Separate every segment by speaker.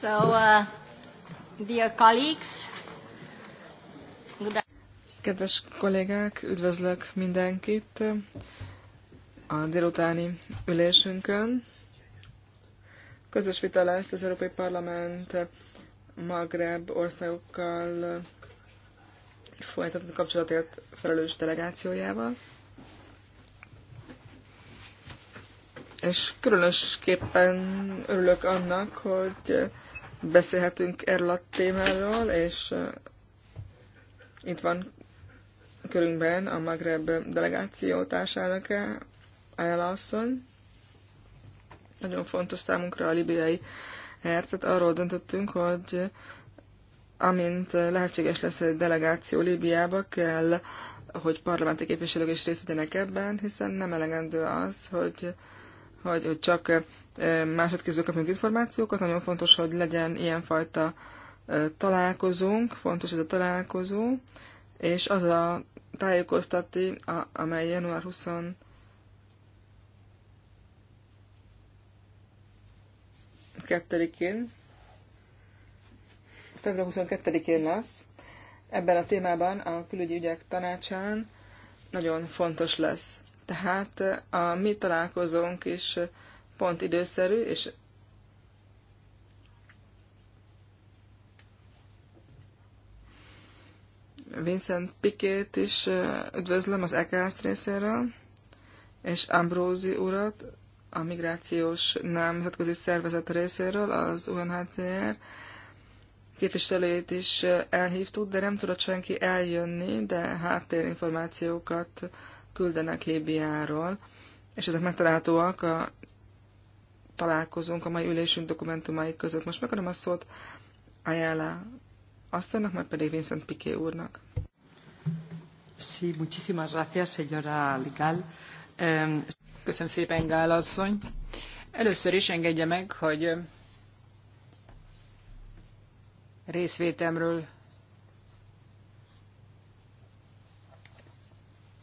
Speaker 1: So, uh, dear colleagues, Kedves kollégák, üdvözlök mindenkit a délutáni ülésünkön. Közös vita lesz az Európai Parlament Magreb országokkal folytatott kapcsolatért felelős delegációjával. és különösképpen örülök annak, hogy beszélhetünk erről a témáról, és uh, itt van körünkben a Magreb delegáció társának Ayala asszony. Nagyon fontos számunkra a libiai hercet. Arról döntöttünk, hogy uh, amint lehetséges lesz egy delegáció Líbiába, kell, hogy parlamenti képviselők is részt vegyenek ebben, hiszen nem elegendő az, hogy hogy csak másodkézből kapjunk információkat. Nagyon fontos, hogy legyen ilyenfajta találkozónk, fontos ez a találkozó, és az a tájékoztati, amely január 20 22-én, február 22-én lesz. Ebben a témában a külügyi ügyek tanácsán nagyon fontos lesz. Tehát eh, a mi találkozónk is eh, pont időszerű, és Vincent Pikét is eh, üdvözlöm az EKS részéről, és Ambrózi urat, a Migrációs Nemzetközi Szervezet részéről, az UNHCR képviselőjét is elhívtuk, de nem tudott senki eljönni, de háttérinformációkat küldenek Líbiáról, és ezek megtalálhatóak a találkozunk a mai ülésünk dokumentumai között. Most megadom a szót Ayala asszonynak, majd pedig Vincent Piqué úrnak. Sí, muchísimas gracias, señora Ligal. Köszönöm szépen, Gál
Speaker 2: asszony. Először is engedje meg, hogy részvétemről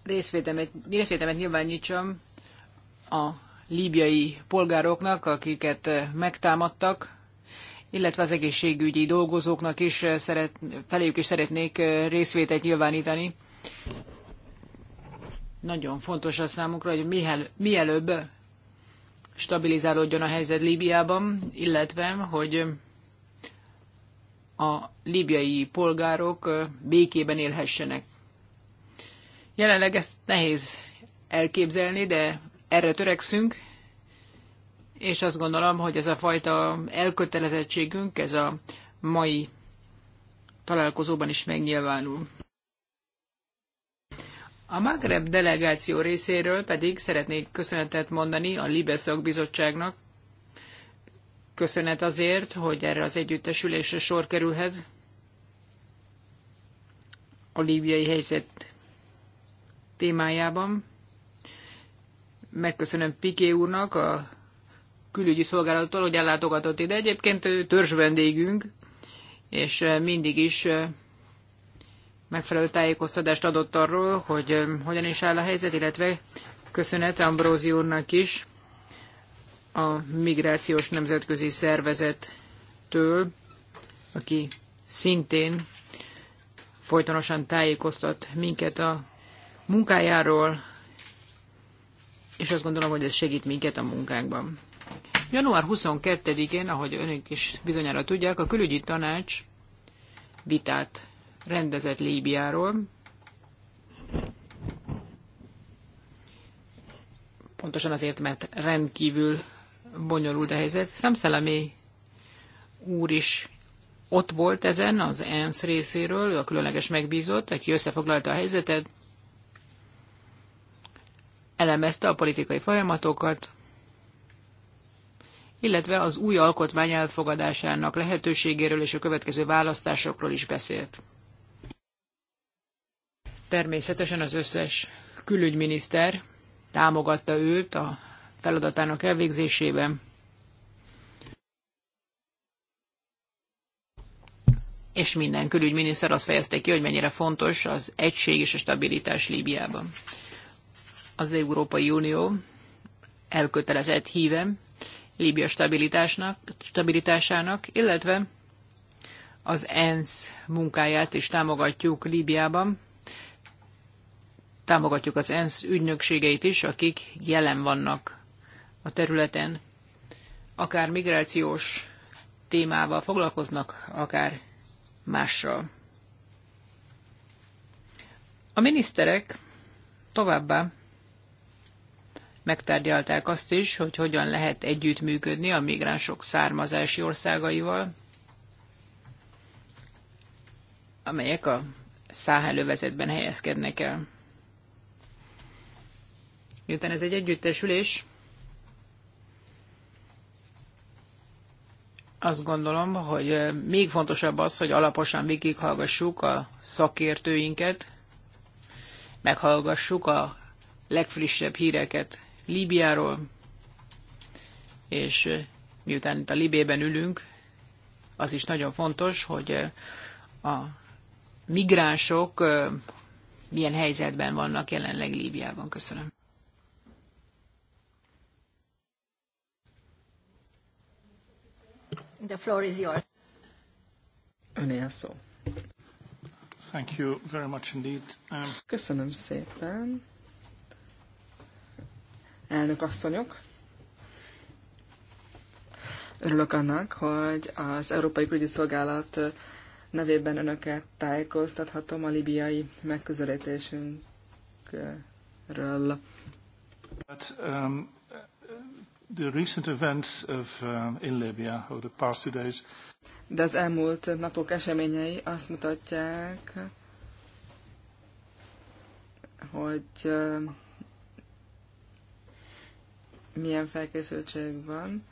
Speaker 2: részvétemet, részvétemet nyilvánítsam a líbiai polgároknak, akiket eh, megtámadtak, illetve az egészségügyi dolgozóknak is eh, szeret, feléjük is szeretnék eh, részvételt nyilvánítani. Nagyon fontos a számukra, hogy mihel, mielőbb stabilizálódjon a helyzet Líbiában, illetve hogy a líbiai polgárok békében élhessenek. Jelenleg ezt nehéz elképzelni, de erre törekszünk, és azt gondolom, hogy ez a fajta elkötelezettségünk, ez a mai találkozóban is megnyilvánul. A Magreb delegáció részéről pedig szeretnék köszönetet mondani a Libeszak bizottságnak Köszönet azért, hogy erre az együttesülésre sor kerülhet. A líbiai helyzet témájában. Megköszönöm Piké úrnak a külügyi szolgálattól, hogy ellátogatott ide. Egyébként törzs vendégünk, és eh, mindig is eh, megfelelő tájékoztatást adott arról, hogy eh, hogyan is áll a helyzet, illetve köszönet Ambrózi úrnak is a Migrációs Nemzetközi Szervezettől, aki szintén folytonosan tájékoztat minket a munkájáról, és azt gondolom, hogy ez segít minket a munkánkban. Január 22-én, ahogy önök is bizonyára tudják, a külügyi tanács vitát rendezett Líbiáról. Pontosan azért, mert rendkívül bonyolult a helyzet. Szemszelemi úr is ott volt ezen az ENSZ részéről, ő a különleges megbízott, aki összefoglalta a helyzetet, elemezte a politikai folyamatokat, illetve az új alkotmány elfogadásának lehetőségéről és a következő választásokról is beszélt. Természetesen az összes külügyminiszter támogatta őt a feladatának elvégzésében. És minden külügyminiszter azt fejezte ki, hogy mennyire fontos az egység és a stabilitás Líbiában az Európai Unió elkötelezett híve Líbia stabilitásnak, stabilitásának, illetve az ENSZ munkáját is támogatjuk Líbiában. Támogatjuk az ENSZ ügynökségeit is, akik jelen vannak a területen. Akár migrációs témával foglalkoznak, akár mással. A miniszterek továbbá Megtárgyalták azt is, hogy hogyan lehet együttműködni a migránsok származási országaival, amelyek a száhelővezetben helyezkednek el. Miután ez egy együttesülés, azt gondolom, hogy még fontosabb az, hogy alaposan végighallgassuk a szakértőinket, meghallgassuk a legfrissebb híreket. Líbiáról, és miután itt a Libében ülünk, az is nagyon fontos, hogy a migránsok milyen helyzetben vannak jelenleg Líbiában. Köszönöm. The floor is yours.
Speaker 3: a szó. Thank you very much indeed.
Speaker 1: Um... Köszönöm szépen elnök asszonyok. Örülök annak, hogy az Európai Külügyi Szolgálat nevében önöket tájékoztathatom a libiai megközelítésünkről.
Speaker 3: But, um,
Speaker 1: the recent events of, um, in Libya over the past two days de az elmúlt napok eseményei azt mutatják, hogy uh, milyen felkészültség van.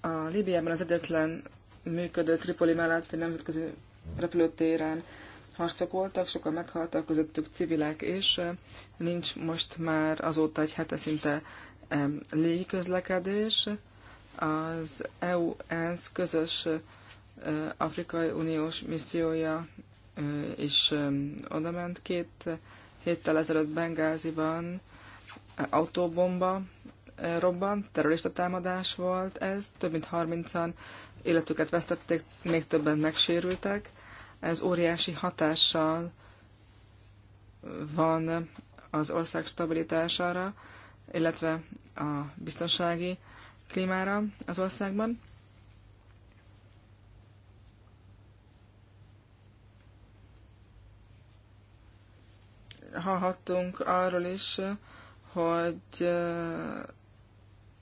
Speaker 1: A Líbiában az egyetlen működő Tripoli melletti nemzetközi repülőtéren harcok voltak, sokan meghaltak, közöttük civilek, és nincs most már azóta egy hete szinte légiközlekedés. Az EU-ENSZ közös Afrikai Uniós missziója is odament két héttel ezelőtt Bengáziban autóbomba eh, robbant, terrorista támadás volt ez, több mint 30-an életüket vesztették, még többen megsérültek. Ez óriási hatással van az ország stabilitására, illetve a biztonsági klímára az országban. Hallhattunk arról is, hogy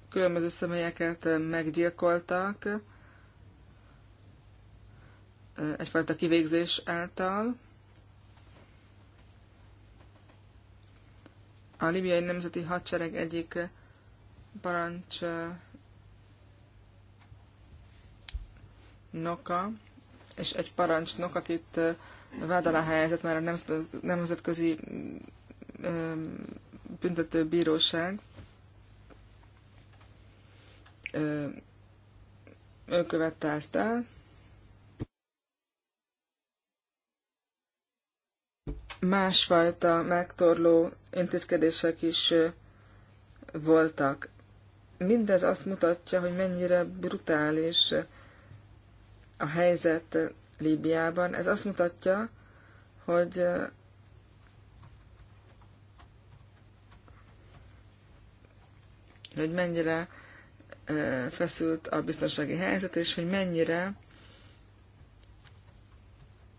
Speaker 1: különböző személyeket meggyilkoltak egyfajta kivégzés által. A libiai nemzeti hadsereg egyik parancs noka, és egy parancsnok, akit vád alá helyezett már a nemzetközi büntető bíróság ő követte ezt el. Másfajta megtorló intézkedések is voltak. Mindez azt mutatja, hogy mennyire brutális a helyzet Líbiában. Ez azt mutatja, hogy hogy mennyire feszült a biztonsági helyzet, és hogy mennyire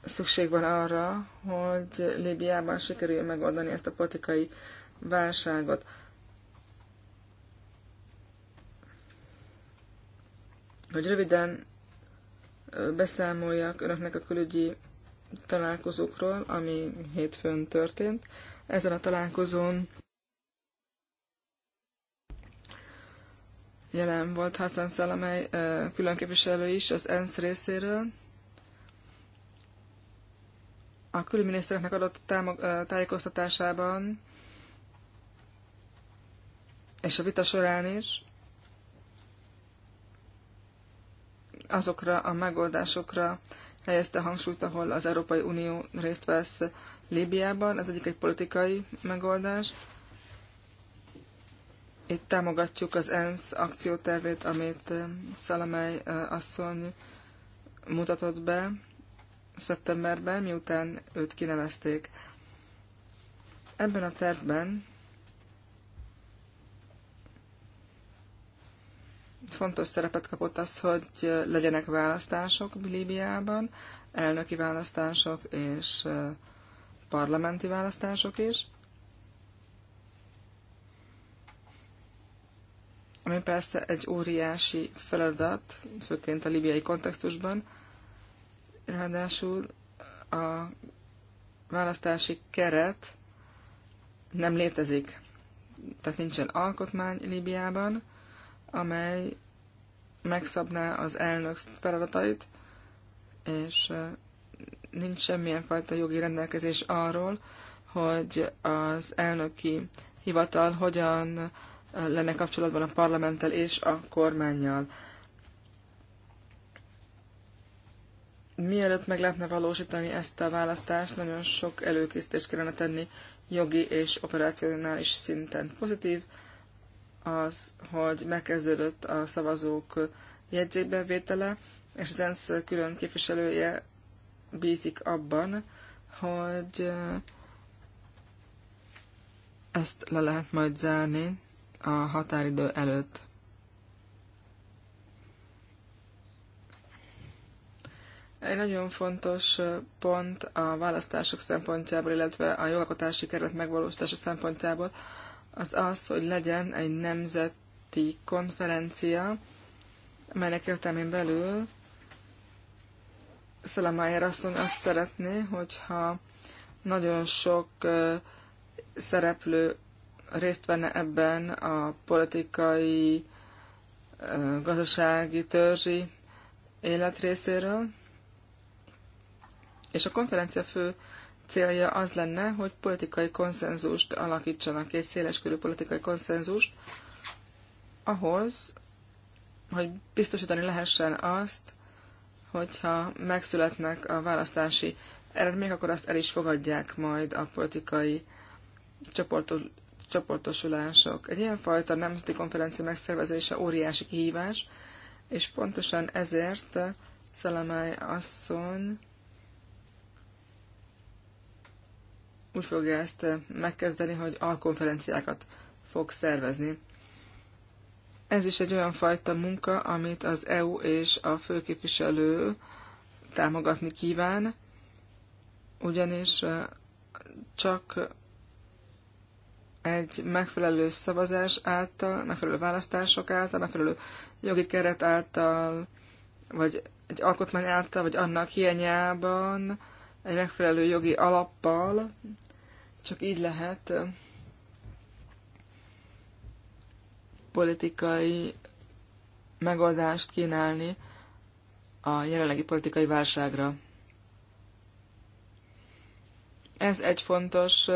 Speaker 1: szükség van arra, hogy Líbiában sikerül megoldani ezt a politikai válságot. Hogy röviden beszámoljak önöknek a külügyi találkozókról, ami hétfőn történt. Ezen a találkozón jelen volt Hassan Szalamely képviselő is az ENSZ részéről. A külügyminisztereknek adott támog, tájékoztatásában és a vita során is azokra a megoldásokra helyezte hangsúlyt, ahol az Európai Unió részt vesz Líbiában. Ez egyik egy politikai megoldás. Itt támogatjuk az ENSZ akciótervét, amit Szalamely asszony mutatott be szeptemberben, miután őt kinevezték. Ebben a tervben fontos szerepet kapott az, hogy legyenek választások Líbiában, elnöki választások és parlamenti választások is. ami persze egy óriási feladat, főként a libiai kontextusban. Ráadásul a választási keret nem létezik, tehát nincsen alkotmány Libiában, amely megszabná az elnök feladatait, és nincs semmilyen fajta jogi rendelkezés arról, hogy az elnöki hivatal hogyan lenne kapcsolatban a parlamenttel és a kormányjal. Mielőtt meg lehetne valósítani ezt a választást, nagyon sok előkészítést kellene tenni jogi és operacionális szinten. Pozitív az, hogy megkezdődött a szavazók jegyzékbevétele, és az ENSZ külön képviselője bízik abban, hogy ezt le lehet majd zárni a határidő előtt. Egy nagyon fontos pont a választások szempontjából, illetve a jogalkotási keret megvalósítása szempontjából az az, hogy legyen egy nemzeti konferencia, amelynek értelmén belül Szelemájer asszony azt szeretné, hogyha nagyon sok szereplő részt venne ebben a politikai, gazdasági, törzsi élet részéről. És a konferencia fő célja az lenne, hogy politikai konszenzust alakítsanak, egy széleskörű politikai konszenzust, ahhoz, hogy biztosítani lehessen azt, hogyha megszületnek a választási eredmények, akkor azt el is fogadják majd a politikai csoportok, csoportosulások. Egy ilyenfajta nemzeti konferencia megszervezése óriási kihívás, és pontosan ezért Szalamály asszony úgy fogja ezt megkezdeni, hogy alkonferenciákat fog szervezni. Ez is egy olyan fajta munka, amit az EU és a főképviselő támogatni kíván, ugyanis csak egy megfelelő szavazás által, megfelelő választások által, megfelelő jogi keret által, vagy egy alkotmány által, vagy annak hiányában, egy megfelelő jogi alappal, csak így lehet politikai megoldást kínálni a jelenlegi politikai válságra. Ez egy fontos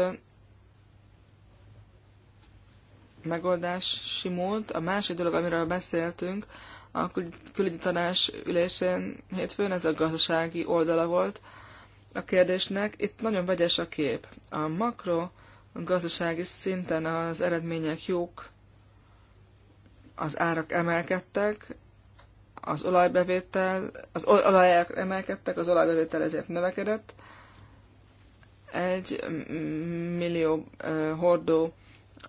Speaker 1: megoldási mód. A másik dolog, amiről beszéltünk a külügyi tanás ülésén hétfőn, ez a gazdasági oldala volt a kérdésnek. Itt nagyon vegyes a kép. A makro gazdasági szinten az eredmények jók, az árak emelkedtek, az olajbevétel, az olajárak emelkedtek, az olajbevétel ezért növekedett. Egy millió hordó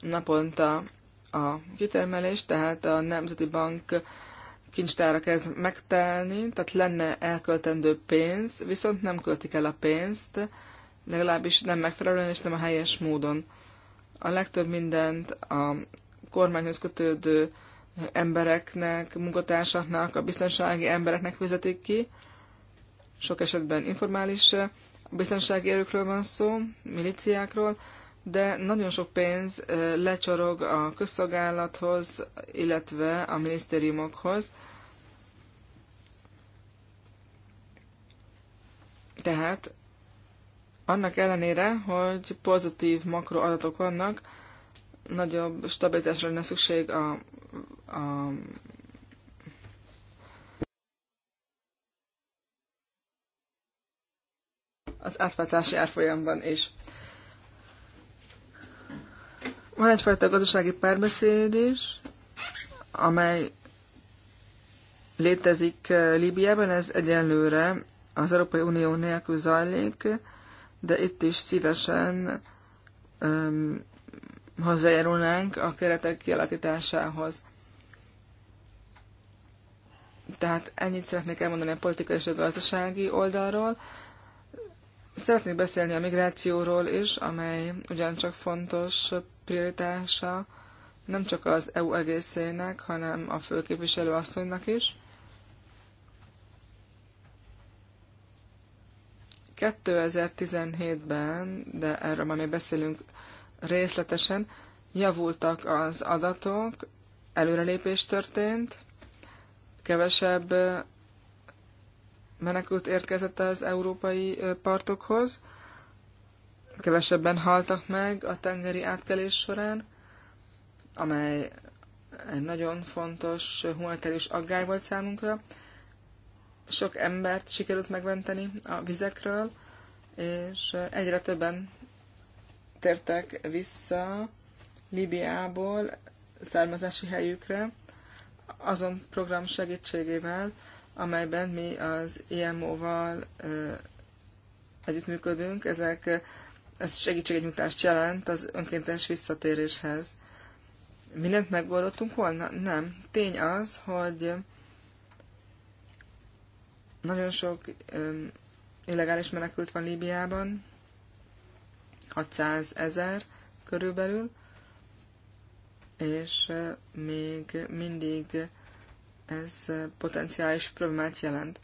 Speaker 1: naponta a kitermelés, tehát a Nemzeti Bank kincstára kezd megtelni, tehát lenne elköltendő pénz, viszont nem költik el a pénzt, legalábbis nem megfelelően és nem a helyes módon. A legtöbb mindent a kormányhoz kötődő embereknek, munkatársaknak, a biztonsági embereknek fizetik ki. Sok esetben informális biztonsági erőkről van szó, miliciákról, de nagyon sok pénz lecsorog a közszolgálathoz, illetve a minisztériumokhoz. Tehát annak ellenére, hogy pozitív makroadatok vannak, nagyobb stabilitásra lenne szükség a, a az átváltási árfolyamban is. Van egyfajta gazdasági párbeszéd is, amely létezik eh, Líbiában, ez egyenlőre az Európai Unió nélkül zajlik, de itt is szívesen um, hozzájárulnánk a keretek kialakításához. Tehát ennyit szeretnék elmondani a politikai és a gazdasági oldalról. Szeretnék beszélni a migrációról is, amely ugyancsak fontos prioritása nem csak az EU egészének, hanem a főképviselő asszonynak is. 2017-ben, de erről már még beszélünk részletesen, javultak az adatok, előrelépés történt, kevesebb menekült érkezett az európai partokhoz, kevesebben haltak meg a tengeri átkelés során, amely egy nagyon fontos humanitárius aggály volt számunkra. Sok embert sikerült megmenteni a vizekről, és egyre többen tértek vissza Libiából származási helyükre azon program segítségével, amelyben mi az IMO-val együttműködünk. Ezek ez segítségnyújtást jelent az önkéntes visszatéréshez. Mindent megoldottunk volna? Nem. Tény az, hogy nagyon sok um, illegális menekült van Líbiában, 600 ezer körülbelül, és még mindig ez potenciális problémát jelent.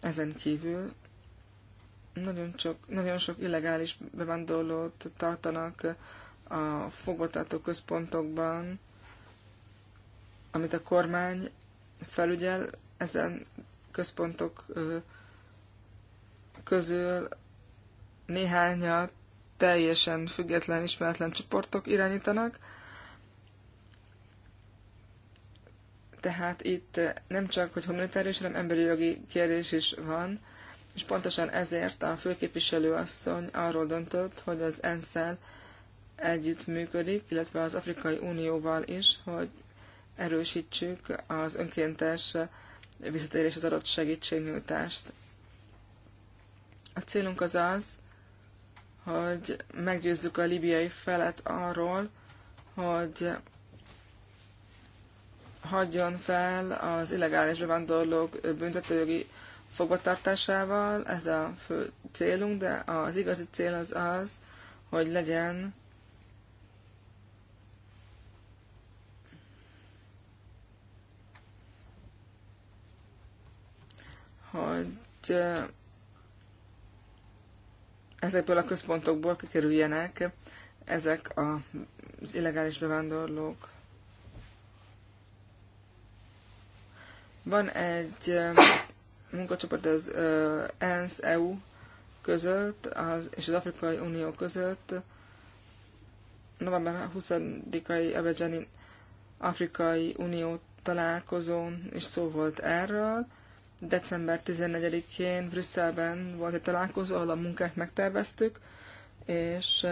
Speaker 1: Ezen kívül nagyon sok, nagyon sok illegális bevándorlót tartanak a fogotató központokban, amit a kormány felügyel, ezen központok közül néhánya teljesen független, ismeretlen csoportok irányítanak. Tehát itt nem csak, hogy humanitárius, hanem emberi jogi kérdés is van és pontosan ezért a főképviselő asszony arról döntött, hogy az ensz együtt működik, illetve az Afrikai Unióval is, hogy erősítsük az önkéntes visszatérés az adott segítségnyújtást. A célunk az az, hogy meggyőzzük a libiai felet arról, hogy hagyjon fel az illegális bevándorlók büntetőjogi fogvatartásával, ez a fő célunk, de az igazi cél az az, hogy legyen hogy ezekből a központokból kikerüljenek ezek az illegális bevándorlók. Van egy munkacsoport az ENSZ-EU között az, és az Afrikai Unió között november 20-ai Abedzseni Afrikai Unió találkozón is szó volt erről. December 14-én Brüsszelben volt egy találkozó, ahol a munkát megterveztük, és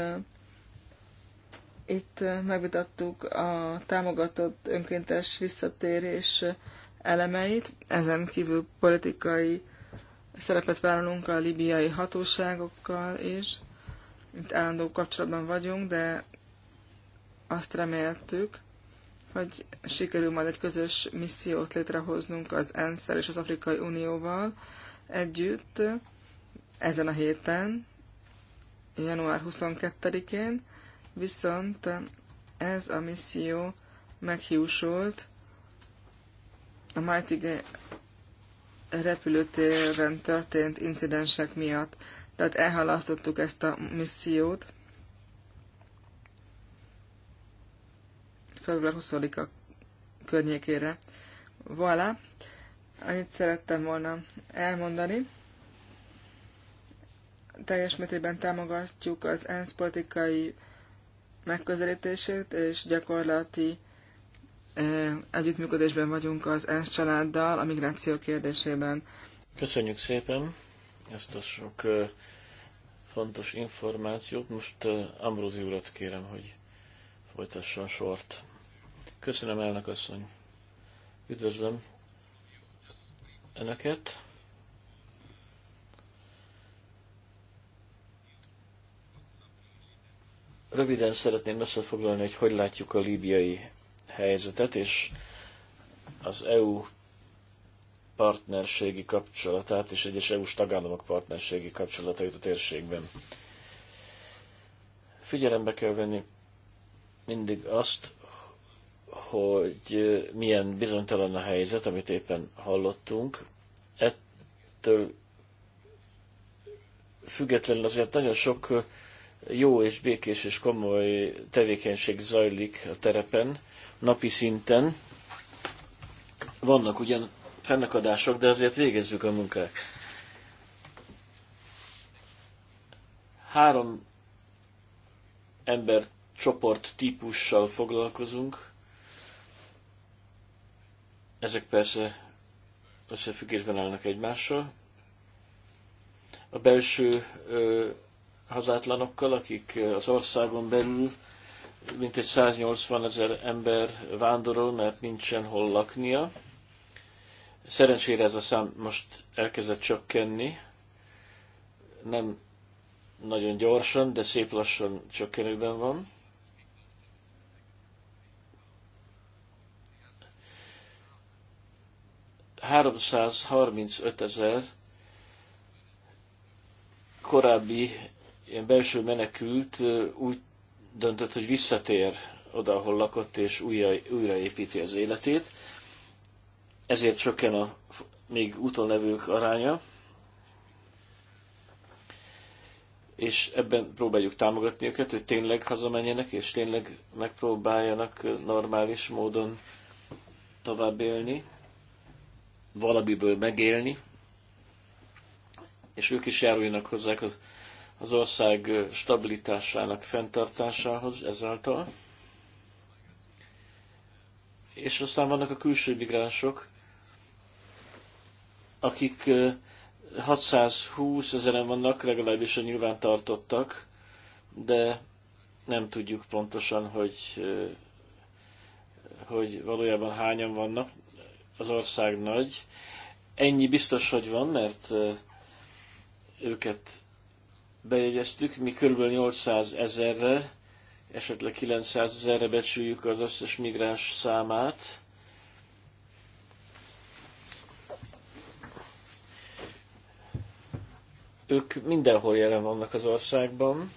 Speaker 1: itt megvitattuk a támogatott önkéntes visszatérés elemeit, ezen kívül politikai szerepet vállalunk a libiai hatóságokkal is. Itt állandó kapcsolatban vagyunk, de azt reméltük, hogy sikerül majd egy közös missziót létrehoznunk az ensz és az Afrikai Unióval együtt ezen a héten, január 22-én, viszont ez a misszió meghiúsult, a Maltige repülőtéren történt incidensek miatt. Tehát elhalasztottuk ezt a missziót. Február 20-a környékére. Voilà. Annyit szerettem volna elmondani. Teljes mértékben támogatjuk az ENSZ politikai megközelítését és gyakorlati együttműködésben vagyunk az ENSZ családdal a migráció kérdésében.
Speaker 3: Köszönjük szépen ezt a sok fontos információt. Most Ambrózi urat kérem, hogy folytasson sort. Köszönöm, elnök asszony. Üdvözlöm Önöket. Röviden szeretném összefoglalni, hogy hogy látjuk a líbiai helyzetet, és az EU partnerségi kapcsolatát és egyes EU-s tagállamok partnerségi kapcsolatait a térségben. Figyelembe kell venni mindig azt, hogy milyen bizonytalan a helyzet, amit éppen hallottunk. Ettől függetlenül azért nagyon sok jó és békés és komoly tevékenység zajlik a terepen, napi szinten. Vannak ugyan fennakadások, de azért végezzük a munkát. Három ember csoport típussal foglalkozunk. Ezek persze összefüggésben állnak egymással. A belső hazátlanokkal, akik eh, az országon belül mintegy 180 ezer ember vándorol, mert nincsen hol laknia. Szerencsére ez a szám most elkezdett csökkenni. Nem nagyon gyorsan, de szép lassan csökkenőben van. ezer korábbi ilyen belső menekült úgy döntött, hogy visszatér oda, ahol lakott, és újra, újraépíti az életét. Ezért csökken a még utolnevők aránya. És ebben próbáljuk támogatni őket, hogy tényleg hazamenjenek, és tényleg megpróbáljanak normális módon tovább élni, valamiből megélni, és ők is járuljanak hozzá az az ország stabilitásának fenntartásához ezáltal. És aztán vannak a külső migránsok, akik 620 ezeren vannak, legalábbis a nyilván tartottak, de nem tudjuk pontosan, hogy, hogy valójában hányan vannak. Az ország nagy. Ennyi biztos, hogy van, mert őket bejegyeztük, mi kb. 800 ezerre, esetleg 900 ezerre becsüljük az összes migráns számát. Ők mindenhol jelen vannak az országban,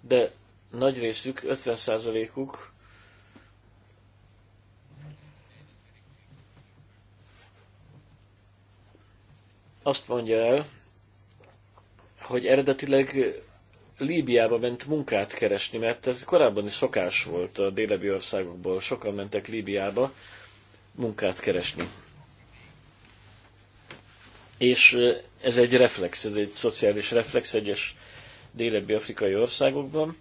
Speaker 3: de nagy részük, 50%-uk azt mondja el, hogy eredetileg Líbiába ment munkát keresni, mert ez korábban is szokás volt a délebi országokból, sokan mentek Líbiába munkát keresni. És ez egy reflex, ez egy szociális reflex egyes délebbi afrikai országokban.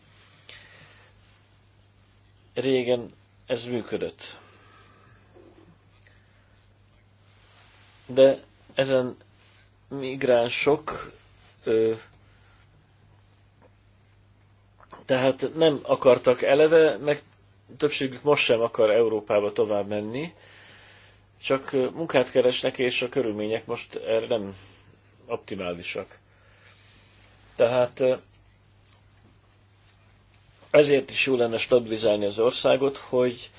Speaker 3: Régen ez működött. De ezen migránsok tehát nem akartak eleve, meg többségük most sem akar Európába tovább menni, csak munkát keresnek, és a körülmények most erre nem optimálisak. Tehát ezért is jó lenne stabilizálni az országot, hogy,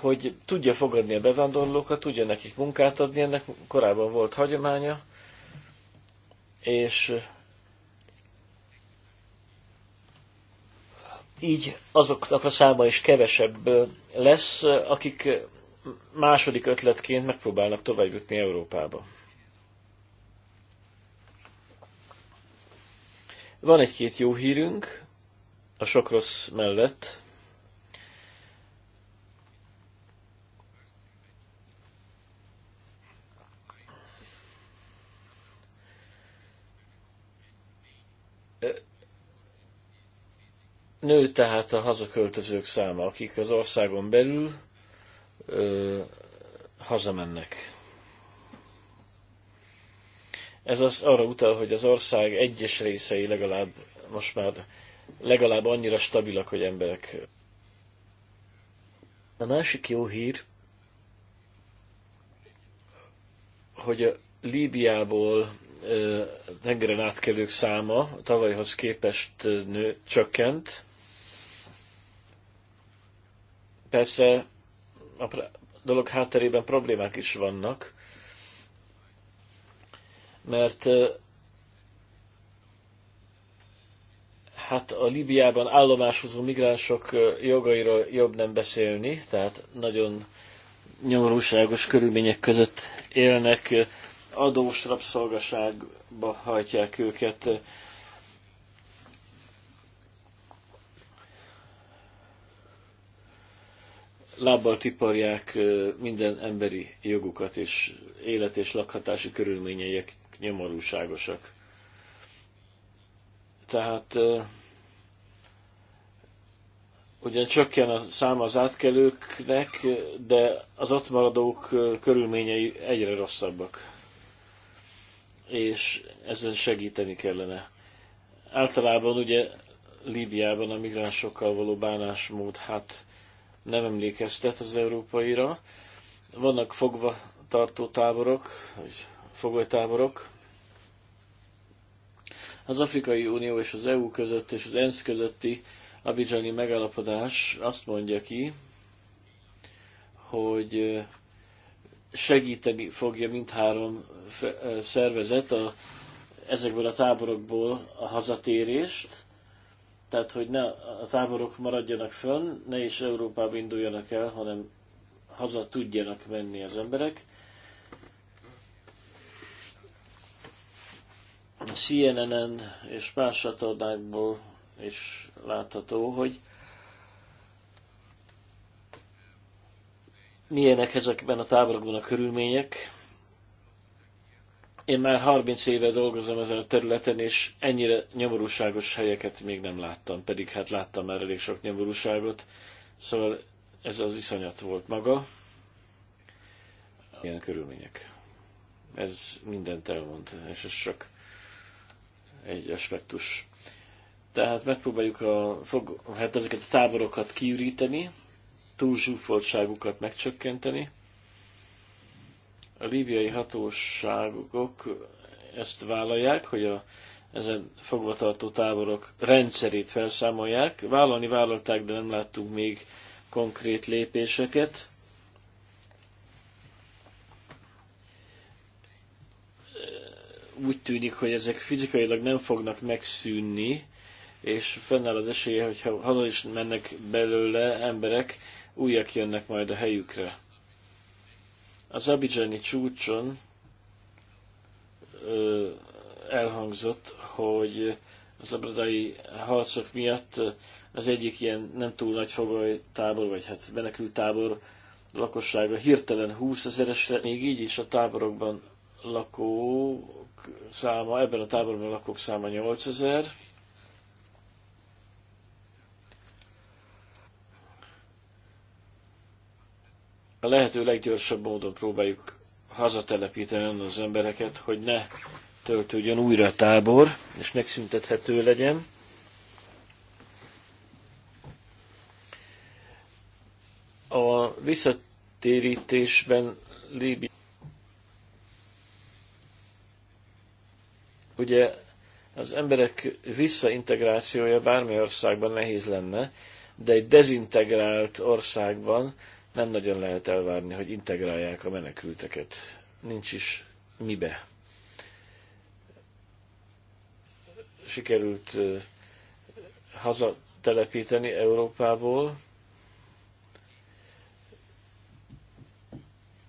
Speaker 3: hogy tudja fogadni a bevándorlókat, tudja nekik munkát adni, ennek korábban volt hagyománya, és így azoknak a száma is kevesebb lesz, akik második ötletként megpróbálnak tovább jutni Európába. Van egy-két jó hírünk a sok rossz mellett. Nő tehát a hazaköltözők száma, akik az országon belül ö, hazamennek. Ez az arra utal, hogy az ország egyes részei legalább most már legalább annyira stabilak, hogy emberek. A másik jó hír, hogy a Líbiából tengeren átkelők száma tavalyhoz képest nő, csökkent, Persze a dolog hátterében problémák is vannak, mert hát a Libiában állomáshozó migránsok jogairól jobb nem beszélni, tehát nagyon nyomorúságos körülmények között élnek, adós rabszolgaságba hajtják őket, lábbal tiparják minden emberi jogukat, és élet és lakhatási körülményeik nyomorúságosak. Tehát ugyan csökken a száma az átkelőknek, de az ott maradók körülményei egyre rosszabbak. És ezen segíteni kellene. Általában ugye Líbiában a migránsokkal való bánásmód, hát nem emlékeztet az európaira. Vannak fogva tartó táborok, vagy fogolytáborok. Az Afrikai Unió és az EU között és az ENSZ közötti abidzsani megállapodás azt mondja ki, hogy segíteni fogja mindhárom szervezet a, ezekből a táborokból a hazatérést, tehát, hogy ne a táborok maradjanak fönn, ne is Európába induljanak el, hanem haza tudjanak menni az emberek. A CNN-en és más csatornákból is látható, hogy milyenek ezekben a táborokban a körülmények, én már 30 éve dolgozom ezen a területen, és ennyire nyomorúságos helyeket még nem láttam, pedig hát láttam már elég sok nyomorúságot, szóval ez az iszonyat volt maga. Ilyen körülmények. Ez mindent elmond, és ez csak egy aspektus. Tehát megpróbáljuk a, fog, hát ezeket a táborokat kiüríteni, túlzsúfoltságukat megcsökkenteni, a líbiai hatóságok ezt vállalják, hogy a ezen fogvatartó táborok rendszerét felszámolják. Vállalni vállalták, de nem láttuk még konkrét lépéseket. Úgy tűnik, hogy ezek fizikailag nem fognak megszűnni, és fennáll az esélye, hogyha haza is mennek belőle emberek, újak jönnek majd a helyükre. Az Abidzsani csúcson elhangzott, hogy az abradai harcok miatt az egyik ilyen nem túl nagy tábor, vagy hát menekült tábor lakossága hirtelen 20 ezeresre, még így is a táborokban lakók száma, ebben a táborban lakók száma 8 ezer, a lehető leggyorsabb módon próbáljuk hazatelepíteni az embereket, hogy ne töltődjön újra a tábor, és megszüntethető legyen. A visszatérítésben lébi ugye az emberek visszaintegrációja bármi országban nehéz lenne, de egy dezintegrált országban nem nagyon lehet elvárni, hogy integrálják a menekülteket. Nincs is mibe. Sikerült hazatelepíteni Európából.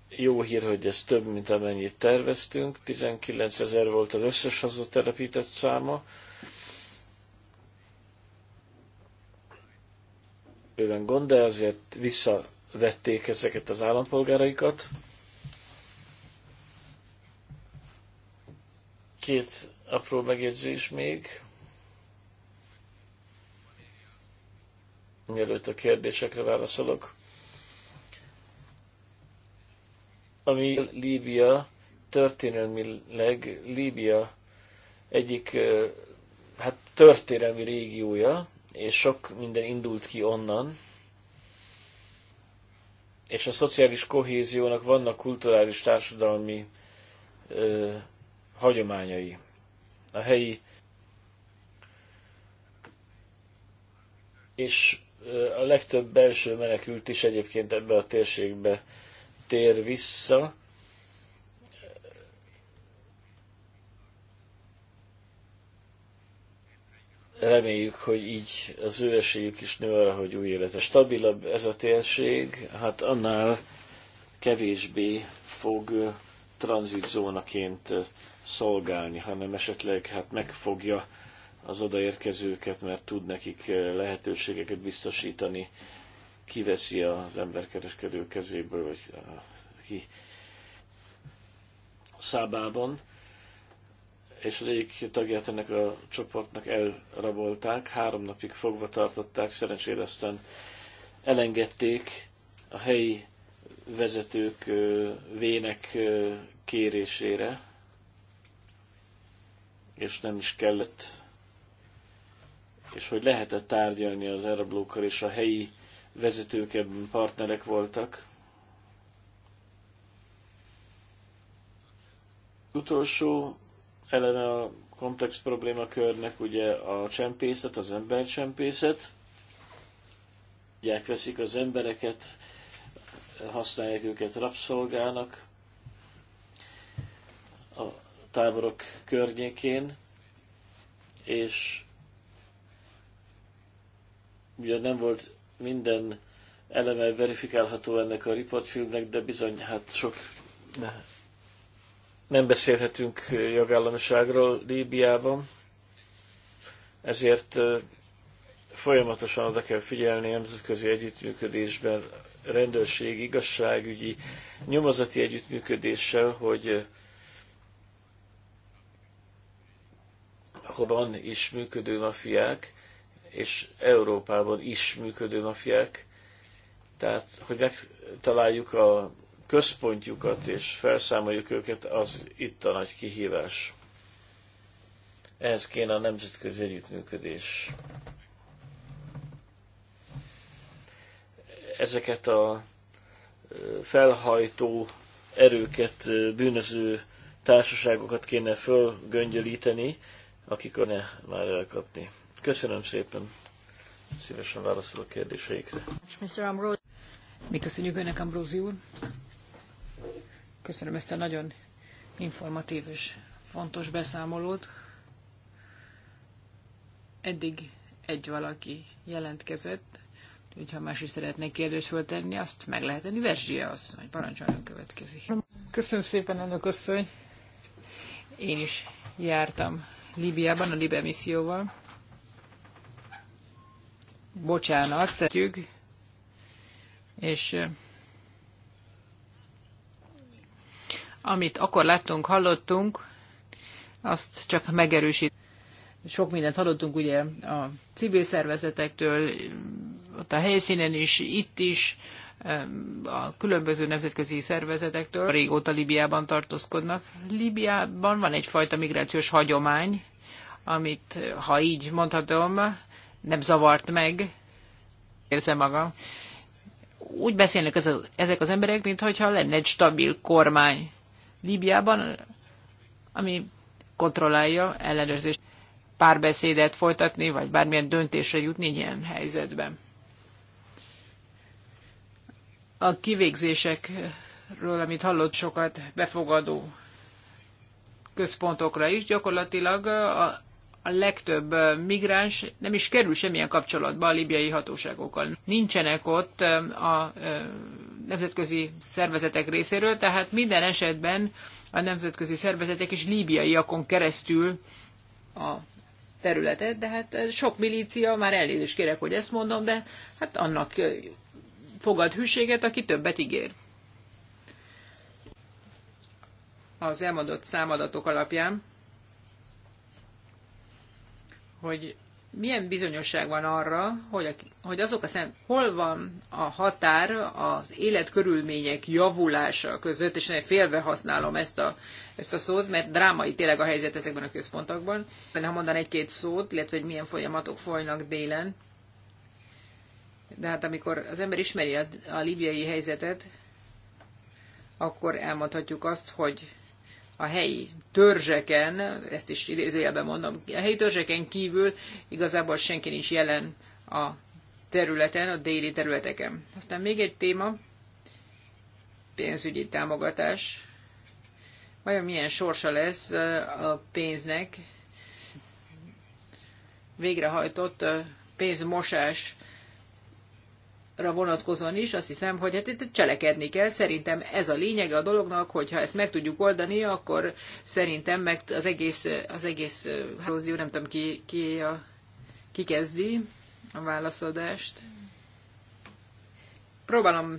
Speaker 3: Jó hír, hogy ez több, mint amennyit terveztünk. 19 ezer volt az összes hazatelepített száma. Őven gond, de azért vissza vették ezeket az állampolgáraikat. Két apró megjegyzés még. Mielőtt a kérdésekre válaszolok. Ami Líbia történelmileg Líbia egyik hát történelmi régiója, és sok minden indult ki onnan, és a szociális kohéziónak vannak kulturális társadalmi ö, hagyományai. A helyi és a legtöbb belső menekült is egyébként ebbe a térségbe tér vissza, reméljük, hogy így az ő esélyük is nő arra, hogy új élete. Stabilabb ez a térség, hát annál kevésbé fog tranzitzónaként szolgálni, hanem esetleg hát megfogja az odaérkezőket, mert tud nekik lehetőségeket biztosítani, kiveszi az emberkereskedő kezéből, vagy ki szábában és az egyik tagját ennek a csoportnak elrabolták, három napig fogva tartották, szerencsére aztán elengedték a helyi vezetők vének kérésére, és nem is kellett, és hogy lehetett tárgyalni az elrablókkal, és a helyi vezetők ebben partnerek voltak. Utolsó ellene a komplex problémakörnek ugye a csempészet, az embercsempészet. Gyák veszik az embereket, használják őket rabszolgának a táborok környékén, és ugye nem volt minden eleme verifikálható ennek a riportfilmnek, de bizony hát sok nem beszélhetünk jogállamiságról Líbiában, ezért folyamatosan oda kell figyelni nemzetközi együttműködésben, rendőrség, igazságügyi, nyomozati együttműködéssel, hogy van is működő mafiák, és Európában is működő mafiák, tehát hogy megtaláljuk a központjukat, és felszámoljuk őket, az itt a nagy kihívás. Ehhez kéne a nemzetközi együttműködés. Ezeket a felhajtó erőket, bűnöző társaságokat kéne fölgöngyölíteni, akik a ne már elkapni. Köszönöm szépen! Szívesen válaszolok kérdéseikre.
Speaker 2: Mi köszönjük Önnek, Ambrózi úr! Köszönöm ezt a nagyon informatív és fontos beszámolót. Eddig egy valaki jelentkezett, ha más is szeretne kérdést föltenni, azt meg lehet tenni. Verzsia asszony, parancsoljon következik. Köszönöm szépen, önök asszony. Én is jártam Líbiában a Libe misszióval. Bocsánat, tetjük, és Amit akkor láttunk, hallottunk, azt csak megerősít. Sok mindent hallottunk ugye a civil szervezetektől, ott a helyszínen is, itt is, a különböző nemzetközi szervezetektől. Régóta Libiában tartózkodnak. Libiában van egyfajta migrációs hagyomány, amit, ha így mondhatom, nem zavart meg, érzem magam. Úgy beszélnek ezek az emberek, mintha lenne egy stabil kormány. Líbiában, ami kontrollálja ellenőrzés párbeszédet folytatni, vagy bármilyen döntésre jutni ilyen helyzetben. A kivégzésekről, amit hallott sokat, befogadó központokra is, gyakorlatilag a a legtöbb migráns nem is kerül semmilyen kapcsolatba a libiai hatóságokkal. Nincsenek ott a nemzetközi szervezetek részéről, tehát minden esetben a nemzetközi szervezetek is líbiaiakon keresztül a területet, de hát sok milícia, már elnézést kérek, hogy ezt mondom, de hát annak fogad hűséget, aki többet ígér. Az elmondott számadatok alapján, hogy milyen bizonyosság van arra, hogy, hogy azok a szem, hol van a határ az életkörülmények javulása között, és félve használom ezt a, ezt a szót, mert drámai tényleg a helyzet ezekben a központokban. Ha mondan egy-két szót, illetve hogy milyen folyamatok folynak délen, de hát amikor az ember ismeri a, a libiai helyzetet, akkor elmondhatjuk azt, hogy a helyi törzseken, ezt is idézőjelben mondom, a helyi törzseken kívül igazából senki nincs jelen a területen, a déli területeken. Aztán még egy téma, pénzügyi támogatás. Vajon milyen sorsa lesz a pénznek? Végrehajtott pénzmosás ra vonatkozóan is azt hiszem, hogy hát itt cselekedni kell. Szerintem ez a lényege a dolognak, hogyha ezt meg tudjuk oldani, akkor szerintem meg az egész, az egész hálózió, nem tudom ki, ki, a, ki kezdi a válaszadást. Próbálom.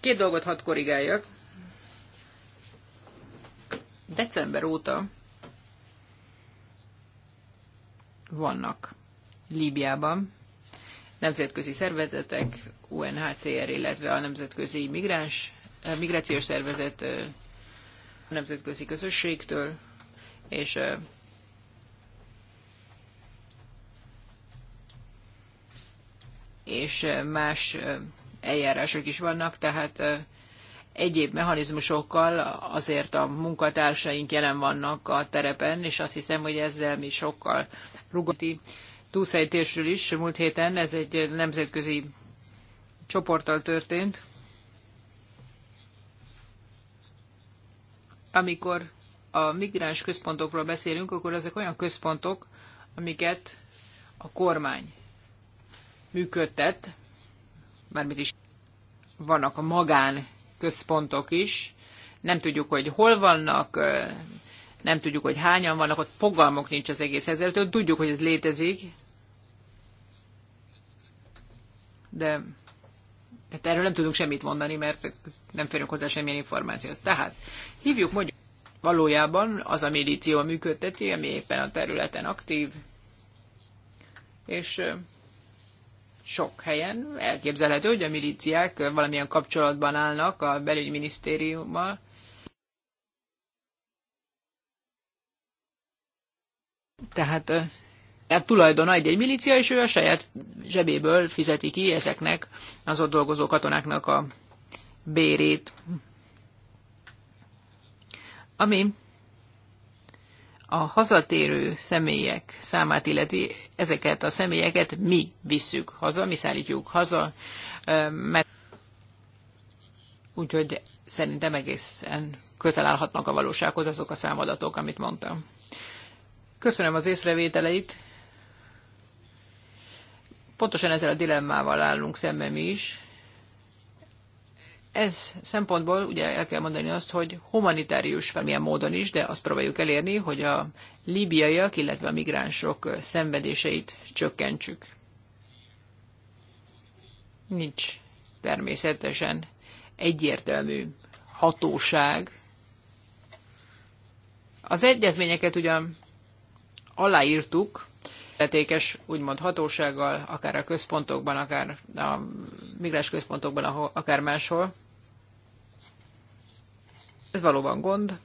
Speaker 2: Két dolgot hadd korrigáljak. December óta vannak Líbiában nemzetközi szervezetek, UNHCR, illetve a Nemzetközi Migráns, eh, Migrációs Szervezet eh, a nemzetközi közösségtől, és eh, és más eljárások is vannak, tehát egyéb mechanizmusokkal azért a munkatársaink jelen vannak a terepen, és azt hiszem, hogy ezzel mi sokkal rugati túlszejtésről is múlt héten, ez egy nemzetközi csoporttal történt. Amikor a migráns központokról beszélünk, akkor ezek olyan központok, amiket a kormány működtet, mármint is vannak a magán központok is, nem tudjuk, hogy hol vannak, nem tudjuk, hogy hányan vannak, ott fogalmok nincs az egész ezzel, tudjuk, hogy ez létezik, de hát erről nem tudunk semmit mondani, mert nem férünk hozzá semmilyen információhoz. Tehát hívjuk mondjuk valójában az a milíció működteti, ami éppen a területen aktív, és sok helyen elképzelhető, hogy a milíciák valamilyen kapcsolatban állnak a belügyminisztériummal, Tehát a e tulajdona egy-egy milícia, és ő a saját zsebéből fizeti ki ezeknek az ott dolgozó katonáknak a bérét. Ami a hazatérő személyek számát illeti, ezeket a személyeket mi visszük haza, mi szállítjuk haza, mert úgyhogy szerintem egészen közel állhatnak a valósághoz azok a számadatok, amit mondtam. Köszönöm az észrevételeit. Pontosan ezzel a dilemmával állunk szemben mi is. Ez szempontból ugye el kell mondani azt, hogy humanitárius valamilyen módon is, de azt próbáljuk elérni, hogy a líbiaiak, illetve a migránsok szenvedéseit csökkentsük. Nincs természetesen egyértelmű hatóság. Az egyezményeket ugyan aláírtuk, illetékes úgymond hatósággal, akár a központokban, akár a migráns központokban, akár máshol. Ez valóban gond.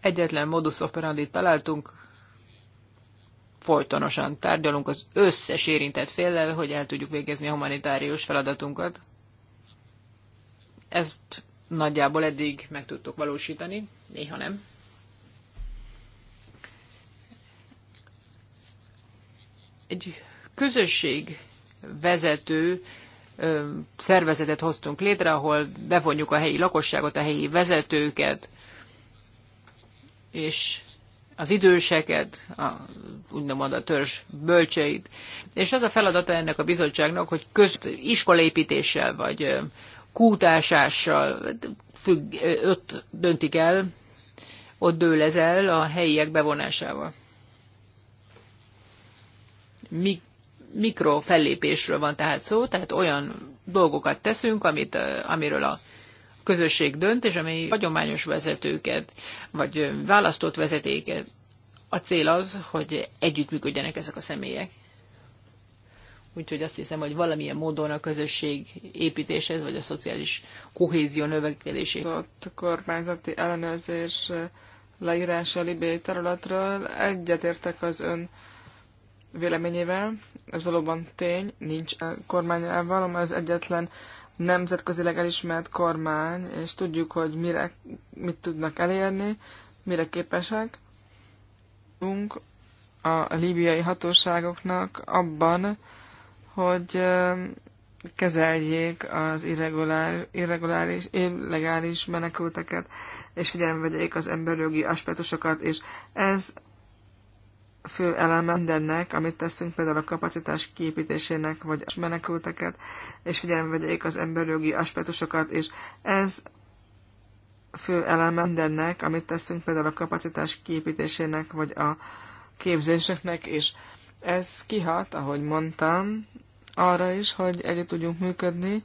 Speaker 2: Egyetlen modus operandi találtunk, folytonosan tárgyalunk az összes érintett féllel, hogy el tudjuk végezni a humanitárius feladatunkat. Ezt nagyjából eddig meg tudtuk valósítani, néha nem. egy közösség vezető szervezetet hoztunk létre, ahol bevonjuk a helyi lakosságot, a helyi vezetőket, és az időseket, a, úgymond a törzs bölcseit. És az a feladata ennek a bizottságnak, hogy köz, iskolépítéssel vagy kútásással függ, ott döntik el, ott dől ez el a helyiek bevonásával mik fellépésről van tehát szó, tehát olyan dolgokat teszünk, amit, amiről a közösség dönt, és amely hagyományos vezetőket, vagy választott vezetéket. A cél az, hogy együttműködjenek ezek a személyek. Úgyhogy azt hiszem, hogy valamilyen módon a közösség építéshez, vagy a szociális kohézió
Speaker 1: növekedéséhez. A kormányzati ellenőrzés leírása a libéi területről egyetértek az ön véleményével. Ez valóban tény, nincs e kormányával, az egyetlen nemzetközileg elismert kormány, és tudjuk, hogy mire, mit tudnak elérni, mire képesek. Tudunk a líbiai hatóságoknak abban, hogy kezeljék az irregulár, irreguláris, illegális menekülteket, és figyelembe vegyék az emberjogi aspektusokat, és ez fő eleme mindennek, amit teszünk, például a kapacitás kiépítésének, vagy a menekülteket, és figyelembe vegyék az emberjogi aspektusokat, és ez fő eleme mindennek, amit teszünk, például a kapacitás kiépítésének, vagy a képzéseknek, és ez kihat, ahogy mondtam, arra is, hogy együtt tudjunk működni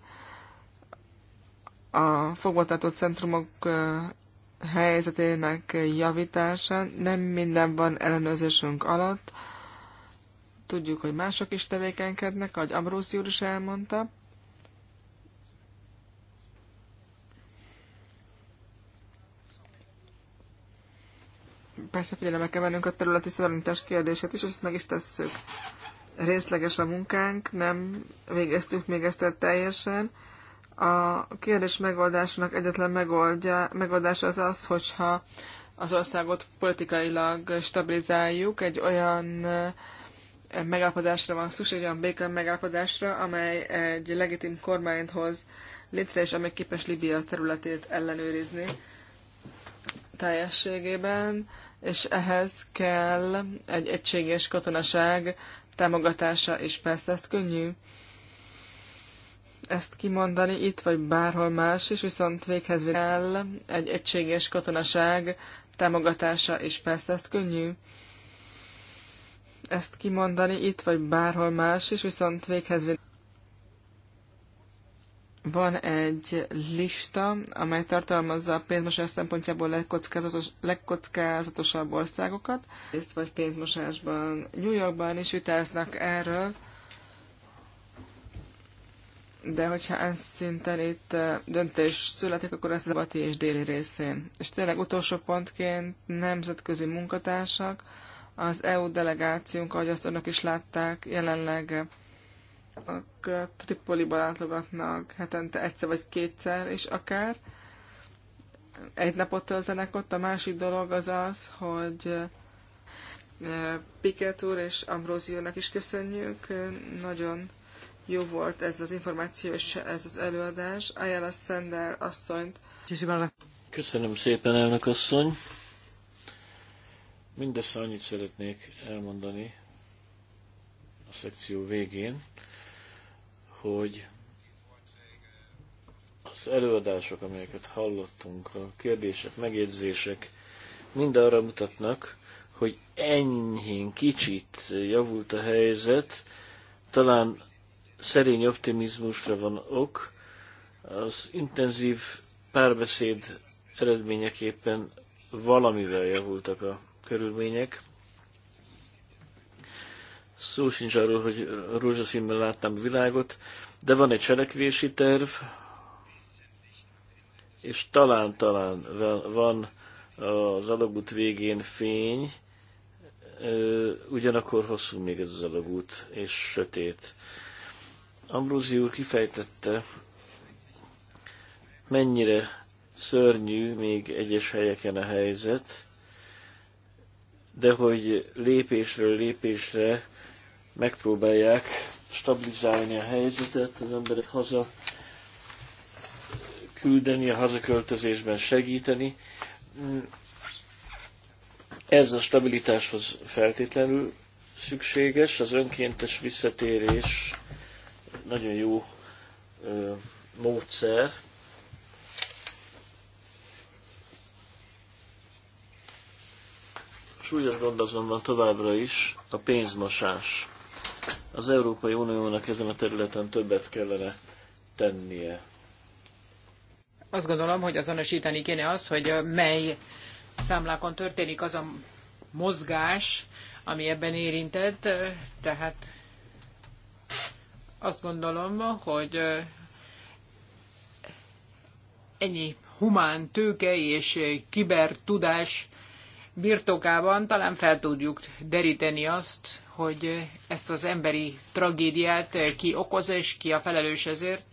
Speaker 1: a fogvatartó centrumok helyzetének javítása. Nem minden van ellenőrzésünk alatt. Tudjuk, hogy mások is tevékenykednek, ahogy Ambrósz úr is elmondta. Persze figyelembe kell vennünk a területi szuverenitás kérdését is, és ezt meg is tesszük. Részleges a munkánk, nem végeztük még ezt teljesen a kérdés megoldásnak egyetlen megoldja, megoldás az az, hogyha az országot politikailag stabilizáljuk, egy olyan eh, megállapodásra van szükség, olyan béke megállapodásra, amely egy legitim kormányt hoz létre, és amely képes Libia területét ellenőrizni teljességében, és ehhez kell egy egységes katonaság támogatása, és persze ezt könnyű ezt kimondani itt vagy bárhol más is, viszont véghez kell egy egységes katonaság támogatása, és persze ezt könnyű ezt kimondani itt vagy bárhol más is, viszont véghez van egy lista, amely tartalmazza a pénzmosás szempontjából legkockázatos, legkockázatosabb országokat. Részt vagy pénzmosásban New Yorkban is vitáznak erről, de hogyha ez szinten itt döntés születik, akkor ez a bati és déli részén. És tényleg utolsó pontként nemzetközi munkatársak, az EU delegációnk, ahogy azt önök is látták, jelenleg a Tripoliba látogatnak hetente egyszer vagy kétszer is akár. Egy napot töltenek ott. A másik dolog az az, hogy Piket úr és Ambrózi is köszönjük. Nagyon jó volt ez az információ és ez az előadás. Ayala Sender asszonyt.
Speaker 3: Köszönöm szépen, elnök asszony. Mindezt annyit szeretnék elmondani a szekció végén, hogy az előadások, amelyeket hallottunk, a kérdések, megjegyzések mind arra mutatnak, hogy enyhén kicsit javult a helyzet, talán szerény optimizmusra van ok. Az intenzív párbeszéd eredményeképpen valamivel javultak a körülmények. Szó sincs arról, hogy rózsaszínben láttam világot, de van egy cselekvési terv, és talán-talán van az alagút végén fény, ugyanakkor hosszú még ez az alagút, és sötét. Ambrózi úr kifejtette, mennyire szörnyű még egyes helyeken a helyzet, de hogy lépésről lépésre megpróbálják stabilizálni a helyzetet, az emberek haza küldeni, a hazaköltözésben segíteni. Ez a stabilitáshoz feltétlenül szükséges, az önkéntes visszatérés nagyon jó ö, módszer. Súlyos gond azonban továbbra is a pénzmosás. Az Európai Uniónak ezen a területen többet kellene tennie.
Speaker 2: Azt gondolom, hogy azonosítani kéne azt, hogy mely számlákon történik az a mozgás, ami ebben érintett, tehát azt gondolom, hogy ennyi humán tőke és kiber tudás birtokában talán fel tudjuk deríteni azt, hogy ezt az emberi tragédiát ki okoz és ki a felelős ezért.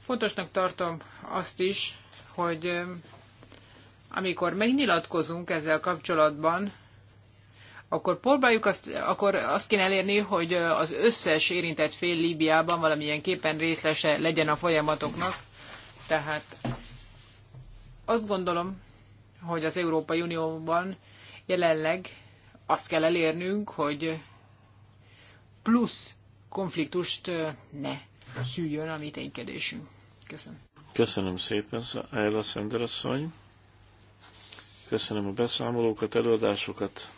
Speaker 2: Fontosnak tartom azt is, hogy amikor megnyilatkozunk ezzel kapcsolatban, akkor próbáljuk azt, akkor azt kéne elérni, hogy az összes érintett fél Líbiában valamilyen képen részlese legyen a folyamatoknak. Tehát azt gondolom, hogy az Európai Unióban jelenleg azt kell elérnünk, hogy plusz konfliktust ne szüljön a mi ténykedésünk. Köszönöm.
Speaker 3: Köszönöm szépen, Ayla Szenderasszony. Köszönöm a beszámolókat, előadásokat.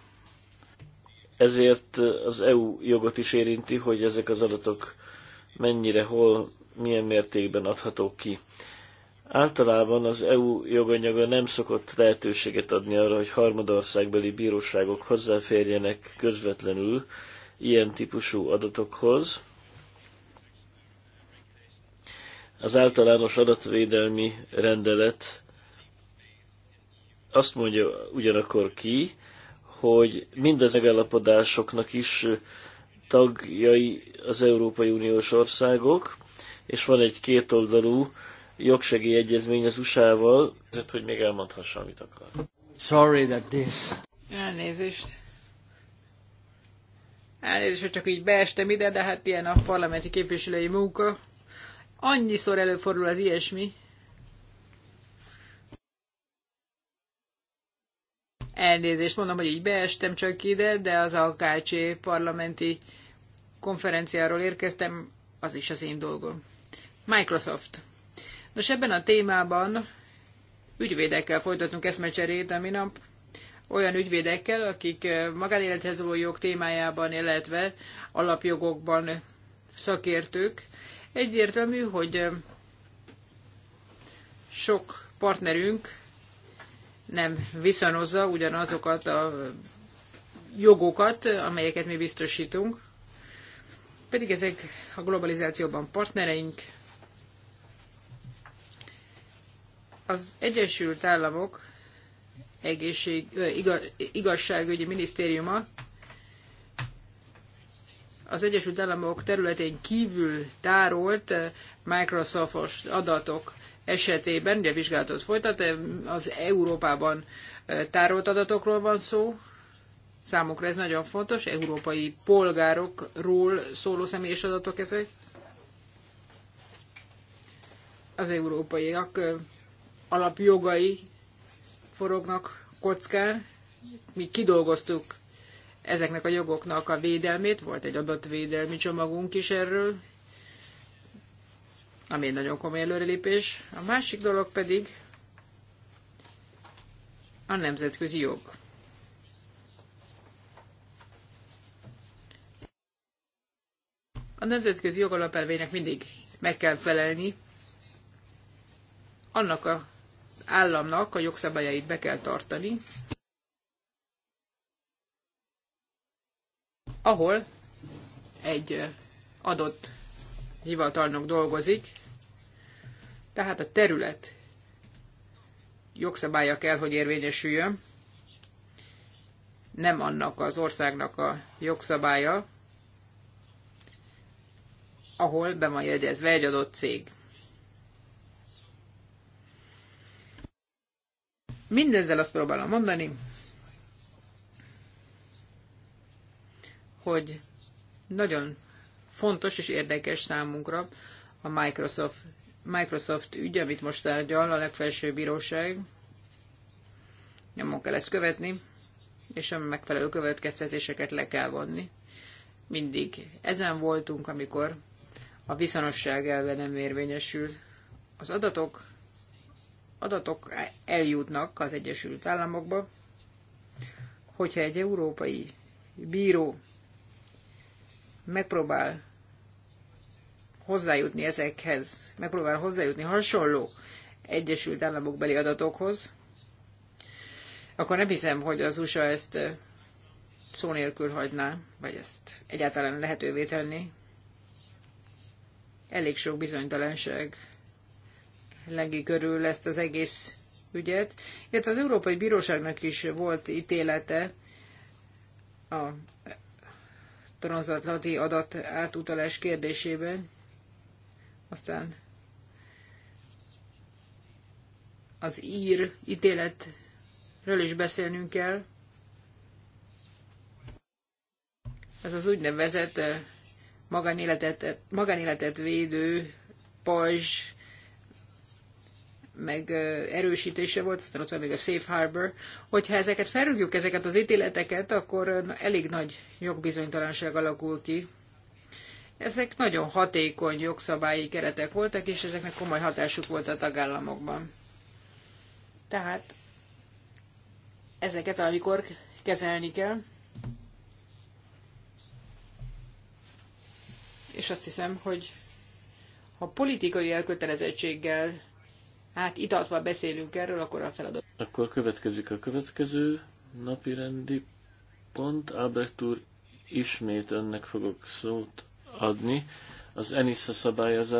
Speaker 3: Ezért az EU jogot is érinti, hogy ezek az adatok mennyire, hol, milyen mértékben adhatók ki. Általában az EU joganyaga nem szokott lehetőséget adni arra, hogy harmadországbeli bíróságok hozzáférjenek közvetlenül ilyen típusú adatokhoz. Az általános adatvédelmi rendelet azt mondja ugyanakkor ki, hogy mindez megállapodásoknak is tagjai az Európai Uniós országok, és van egy kétoldalú jogsegélyegyezmény az USA-val, ezért, hogy még elmondhassa, amit akar. Sorry that this...
Speaker 2: Elnézést. Elnézést, hogy csak így beestem ide, de hát ilyen a parlamenti képviselői munka. Annyiszor előfordul az ilyesmi. Elnézést mondom, hogy így beestem csak ide, de az KC parlamenti konferenciáról érkeztem, az is az én dolgom. Microsoft. Nos, ebben a témában ügyvédekkel folytatunk eszmecserét a minap, olyan ügyvédekkel, akik eh, magánélethez való jog témájában, illetve alapjogokban szakértők. Egyértelmű, hogy eh, sok partnerünk nem viszonozza ugyanazokat a jogokat, amelyeket mi biztosítunk. Pedig ezek a globalizációban partnereink. Az Egyesült Államok egészség, igazságügyi minisztériuma az Egyesült Államok területén kívül tárolt Microsoft adatok esetében, ugye vizsgálatot folytat, az Európában tárolt adatokról van szó, számukra ez nagyon fontos, európai polgárokról szóló személyes adatok ezek. Az európaiak alapjogai forognak kockán. Mi kidolgoztuk ezeknek a jogoknak a védelmét, volt egy adatvédelmi csomagunk is erről, ami egy nagyon komoly előrelépés. A másik dolog pedig a nemzetközi jog. A nemzetközi jogalapelvének mindig meg kell felelni, annak a államnak a jogszabályait be kell tartani, ahol egy adott hivatalnok dolgozik, tehát a terület jogszabálya kell, hogy érvényesüljön, nem annak az országnak a jogszabálya, ahol be van jegyezve egy adott cég. Mindezzel azt próbálom mondani, hogy nagyon fontos és érdekes számunkra a Microsoft, Microsoft ügy, amit most tárgyal a legfelsőbb bíróság. Nyomon kell ezt követni, és a megfelelő következtetéseket le kell vonni. Mindig ezen voltunk, amikor a viszonosság elve nem érvényesül. Az adatok, adatok eljutnak az Egyesült Államokba, hogyha egy európai bíró megpróbál hozzájutni ezekhez, megpróbál hozzájutni hasonló Egyesült beli adatokhoz, akkor nem hiszem, hogy az USA ezt szó nélkül hagyná, vagy ezt egyáltalán lehetővé tenni. Elég sok bizonytalanság lengi körül ezt az egész ügyet, illetve az Európai Bíróságnak is volt ítélete a transatlanti adat átutalás kérdésében. Aztán az ír ítéletről is beszélnünk kell. Ez az úgynevezett eh, magánéletet, magánéletet védő pajzs meg erősítése volt, aztán ott van még a Safe Harbor. Hogyha ezeket felrúgjuk, ezeket az ítéleteket, akkor elég nagy jogbizonytalanság alakul ki. Ezek nagyon hatékony jogszabályi keretek voltak, és ezeknek komoly hatásuk volt a tagállamokban. Tehát ezeket amikor kezelni kell. És azt hiszem, hogy ha politikai elkötelezettséggel Hát itatva beszélünk erről, akkor a feladat.
Speaker 3: Akkor következik a következő napi rendi pont. Albert úr, ismét önnek fogok szót adni. Az ENISZA szabályozás